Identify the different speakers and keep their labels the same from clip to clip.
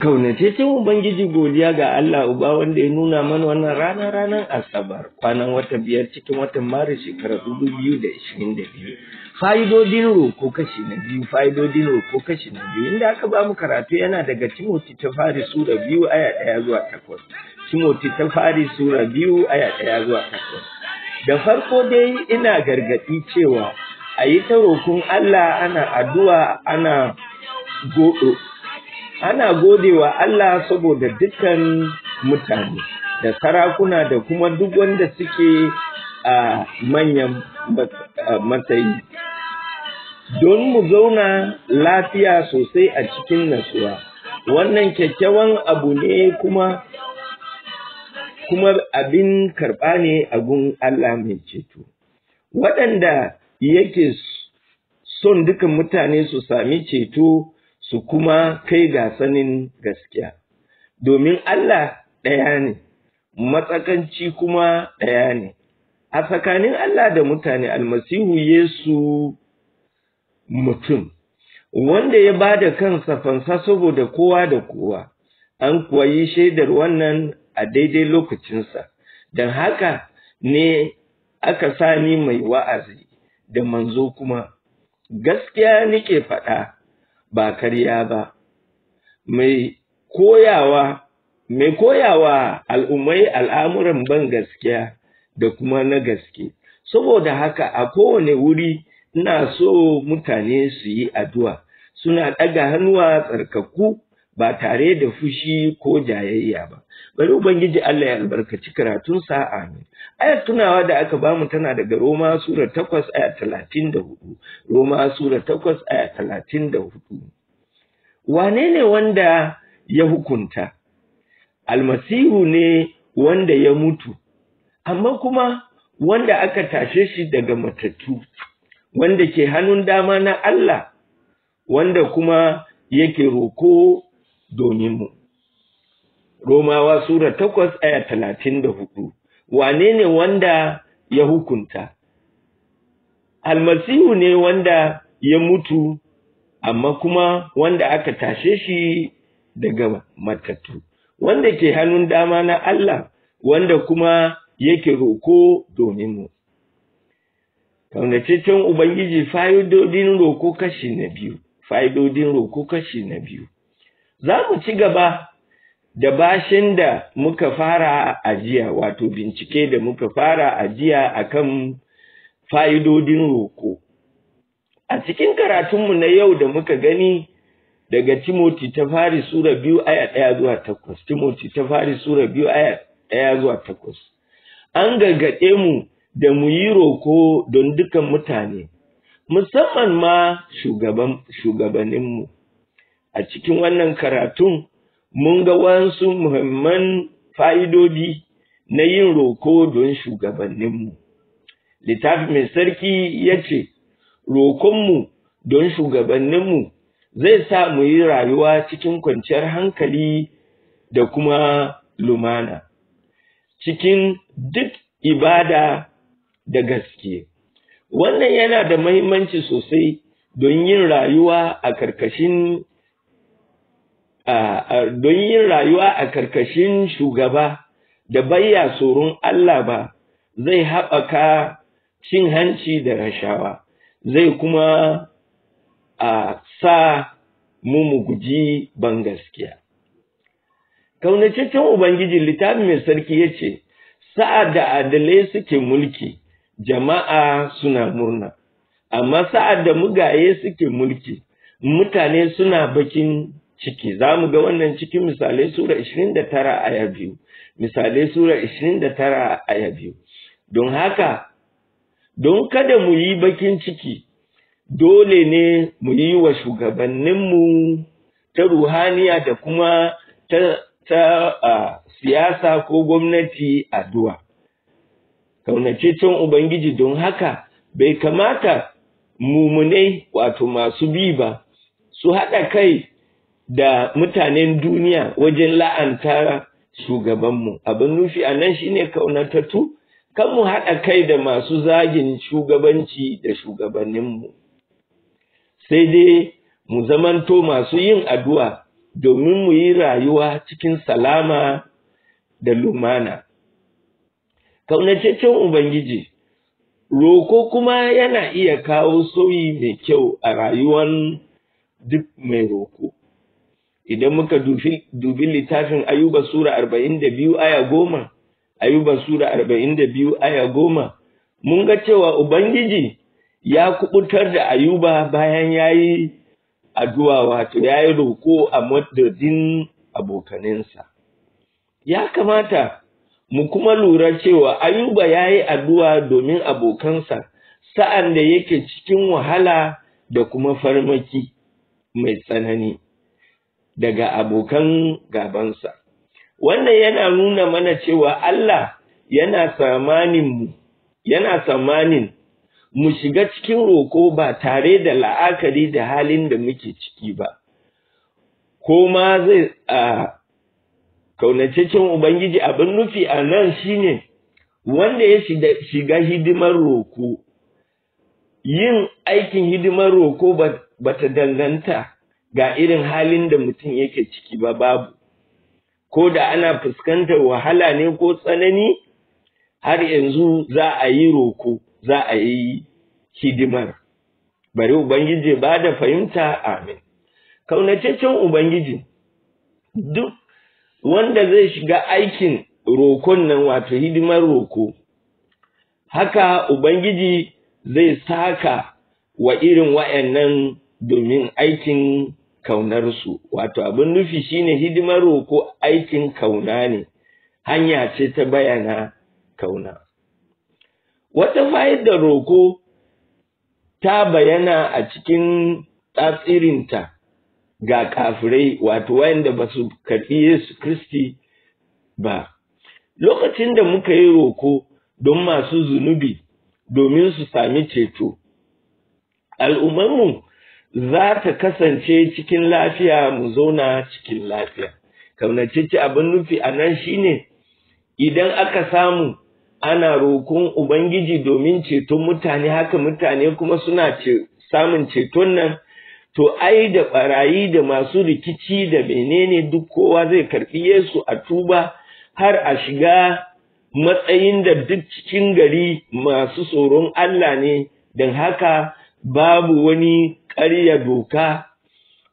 Speaker 1: Kaunataccen Ubangiji godiya ga Allah Uba wanda ya nuna mana wannan rana ranar Asabar kwanan wata biyar cikin watan Maris shekarar dubu biyu da ishirin da biyu. Fa'idodin roko kashi na biyu, fa'idodin roko kashi na biyu, inda aka ba mu karatu yana daga Timoti ta fari sura biyu aya ɗaya zuwa takwas. Timoti ta fari sura biyu aya ɗaya zuwa takwas. Da farko dai ina gargaɗi cewa a yi ta roƙon Allah ana addu'a ana goɗo. ana godewa Allah saboda dukkan mutane da sarakuna da kuma duk wanda suke a manyan matsayi don mu zauna lafiya sosai a cikin natsuwa, wannan kyakkyawan abu ne kuma kuma abin karɓa ne a Allah mai ceto waɗanda yake son dukan mutane su sami ceto su kuma kai ga sanin gaskiya domin Allah ɗaya ne matsakanci kuma ɗaya ne a tsakanin Allah da mutane almasihu Yesu mutum wanda ya ba da kansa fansa saboda kowa da kowa an kuwa yi shaidar wannan a daidai lokacinsa don haka ne aka sani mai wa'azi da manzo kuma gaskiya nike faɗa ba karya ba mai koyawa mai koyawa al'ummai al'amuran ban gaskiya da kuma na gaske saboda haka a kowane wuri ina so mutane su yi addu'a suna ɗaga hannuwa tsarkaku ba tare da fushi ko jayayya ba bari ubangiji Allah ya albarkaci karatun sa amin ayat tunawa da aka bamu tana daga Roma sura 8 aya 34 Roma sura 8 aya 34 wane ne wanda ya hukunta almasihu ne wanda ya mutu amma kuma wanda aka tashe shi daga matattu wanda ke hannun dama na Allah wanda kuma yake roko Domin mu. Romawa Sura takwas aya talatin da hudu, wane ne wanda ya hukunta? Almasihu ne wanda ya mutu, amma kuma wanda aka tashe shi daga matattu, wanda ke hannun dama na Allah, wanda kuma yake roko dominmu. kaunacecen Ubangiji fa'idodin roko kashi na biyu, fa'idodin roko kashi na biyu. za mu ci gaba da bashin da muka fara a wato bincike da muka fara a jiya akan fa'idodin roƙo a cikin karatunmu na yau da muka gani daga Timoti ta fari Sura biyu aya ɗaya zuwa takwas. Timoti ta fari Sura biyu aya ɗaya zuwa takwas. An gargaɗe mu da mu yi roko don dukan mutane, musamman ma shugabanninmu. a cikin wannan karatun mun ga wasu muhimman fa'idodi na yin roko don shugabanninmu. Littafi mai sarki ya ce, Rokonmu don shugabanninmu zai sa mu yi rayuwa cikin kwanciyar hankali da kuma lumana, cikin duk ibada da gaske. Wannan yana da mahimmanci sosai don yin rayuwa a karkashin don yin rayuwa a karkashin shugaba da bayya tsoron Allah ba zai haɓaka cin hanci da rashawa zai kuma a sa mu mu guji ban gaskiya kaunataccen ubangiji littafi mai sarki ya ce sa'ad da adalai suke mulki jama'a suna murna amma sa'ad da mugaye suke mulki mutane suna bakin ciki za mu ga wannan cikin misalai sura 29 aya biyu misalai sura 29 aya biyu don haka don kada mu yi bakin ciki dole ne mu yi wa shugabanninmu ta ruhaniya da kuma ta, ta a, siyasa ko gwamnati addu'a kaunataccen ubangiji don haka bai kamata mumunai wato masu bi ba su haɗa kai da mutanen duniya wajen la'anta shugabanmu abin nufi a nan shine kaunatattu kan mu haɗa kai da masu zagin shugabanci da shugabanninmu sai dai mu zamanto masu yin addu'a domin mu yi rayuwa cikin salama da lumana kaunataccen ubangiji roko kuma yana iya kawo sauyi mai kyau a rayuwan duk mai roko idan muka dubi littafin ayuba sura arba'in aya goma ayuba sura arba'in aya goma mun ga cewa ubangiji ya kubutar da ayuba bayan ya yi addu'a wato ya yi roko a madadin abokaninsa ya kamata mu kuma lura cewa ayuba ya yi addu'a domin abokansa sa'an da yake cikin wahala da kuma farmaki mai tsanani daga abokan gabansa wannan yana nuna mana cewa Allah yana samanin mu yana samanin mu shiga cikin roko ba tare da la'akari da halin da muke ciki ba ko ma zai a kaunataccen ubangiji abin nufi a nan shine wanda ya shiga hidimar roko yin aikin hidimar roko ba ta danganta ga irin halin da mutum yake ciki ba babu ko da ana fuskantar wahala ne ko tsanani har yanzu za a yi roko za a yi hidimar bari ubangiji ba da fahimta amin kaunataccen ubangiji duk wanda zai shiga aikin rokon nan wato hidimar roko haka ubangiji zai saka wa irin wayannan domin aikin kaunarsu wato abin nufi shine hidimar roƙo aikin kauna ne hanya ce ta bayana kauna wata fa'idar roko ta bayana a cikin tsatsirinta ga kafirai wato wayanda ba su karɓi Yesu Kristi ba lokacin da muka yi roko don masu zunubi domin su sami ceto al'ummarmu za ka kasance cikin lafiya mu zauna cikin lafiya kaunacicci abin nufi a nan shine idan aka samu ana rokon ubangiji domin ceton mutane haka mutane kuma suna samun ceton nan to ai da barayi da masu rikici da menene duk kowa zai karɓi Yesu a tuba har a shiga matsayin da duk cikin gari masu tsoron Allah ne don haka babu wani ƙarya doka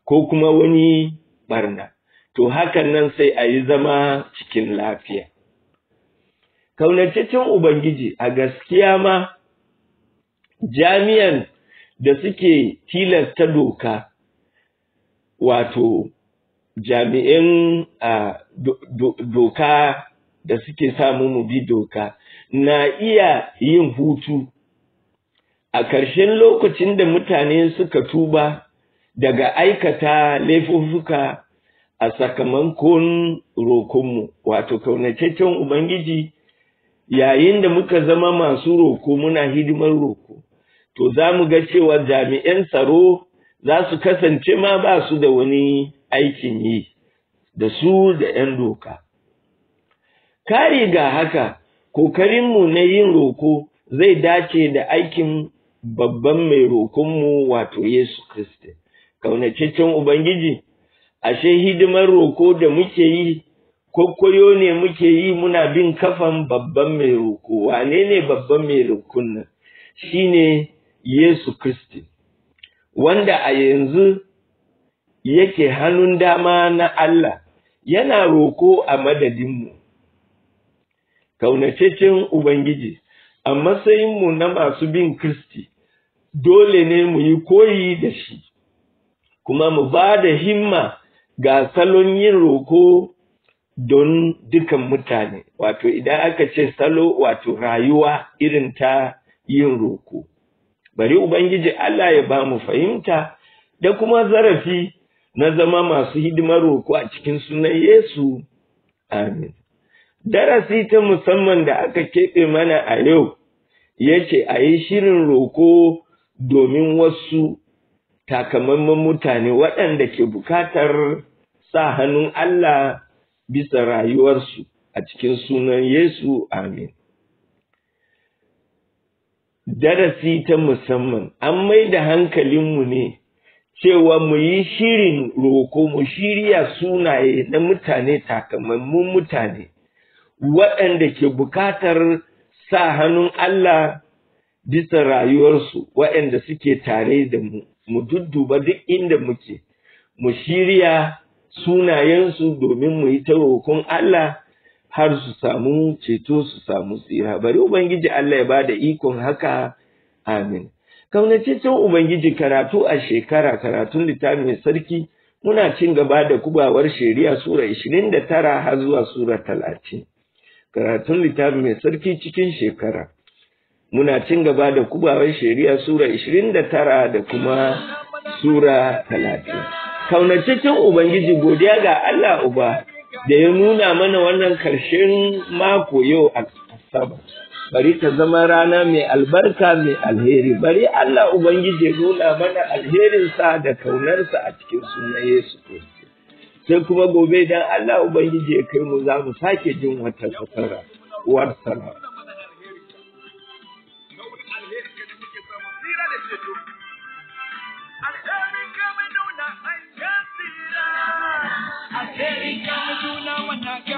Speaker 1: ko kuma wani barna to hakan nan sai a yi zama cikin lafiya kaunataccen ubangiji a gaskiya ma jami'an da suke tilasta doka wato jami'in doka da suke samu mu bi doka na iya yin hutu a ƙarshen lokacin da mutane suka tuba daga aikata laifuffuka a sakamakon rokonmu wato kaunataccen ubangiji yayin da muka zama masu roko muna hidimar roko to za mu ga cewa jami'an tsaro za su kasance ma ba su da wani aikin yi da su da 'yan doka kari ga haka kokarinmu na yin roko zai dace da aikin babban mai roƙonmu wato Yesu Kiristi. Kaunataccen Ubangiji, ashe hidimar roko da muke yi, kwakwayo ne muke yi muna bin kafan babban mai roko. Wane ne babban mai rokon nan? Shi ne Yesu Kiristi, wanda a yanzu yake hannun dama na Allah, yana roko a madadinmu. Kaunataccen Ubangiji, a matsayinmu na masu bin Kristi, dole ne mu yi koyi da shi, kuma mu ba da himma ga salon yin roko don dukan mutane, wato idan aka ce salo wato rayuwa irin ta yin roko. Bari Ubangiji Allah ya ba mu fahimta da kuma zarafi na zama masu hidimar roko a cikin sunan Yesu. Amin. darasi ta musamman da aka keɓe mana a yau ya ce a yi shirin roko domin wasu takamaiman mutane waɗanda ke bukatar sa hannun Allah bisa rayuwarsu a cikin sunan Yesu amin. Darasi ta musamman an mai da hankalinmu ne cewa mu yi shirin roko mu shirya sunaye na mutane takamaimun mutane waɗanda ke bukatar sa hannun Allah bisa rayuwarsu waɗanda suke tare da mu mu dudduba duk inda muke mu shirya sunayensu domin mu yi tawakun Allah har su samu ceto su samu tsira bari ubangiji Allah ya bada ikon haka amin kaunataccen ubangiji karatu a shekara karatun littafi mai sarki muna cin gaba da kubawar shari'a sura 29 har zuwa sura 30 karatun littafi mai sarki cikin shekara muna cin gaba da kubawar shari'a sura 29 da kuma sura 30 kaunataccen ubangiji godiya ga Allah uba da ya nuna mana wannan karshen mako yau a saba bari ta zama rana mai albarka mai alheri bari Allah ubangiji ya nuna mana alherinsa da kaunarsa a cikin sunan Yesu Kristi sai kuma gobe dan Allah ubangiji ya kai mu za mu sake jin wata fasara uwar sana America, America,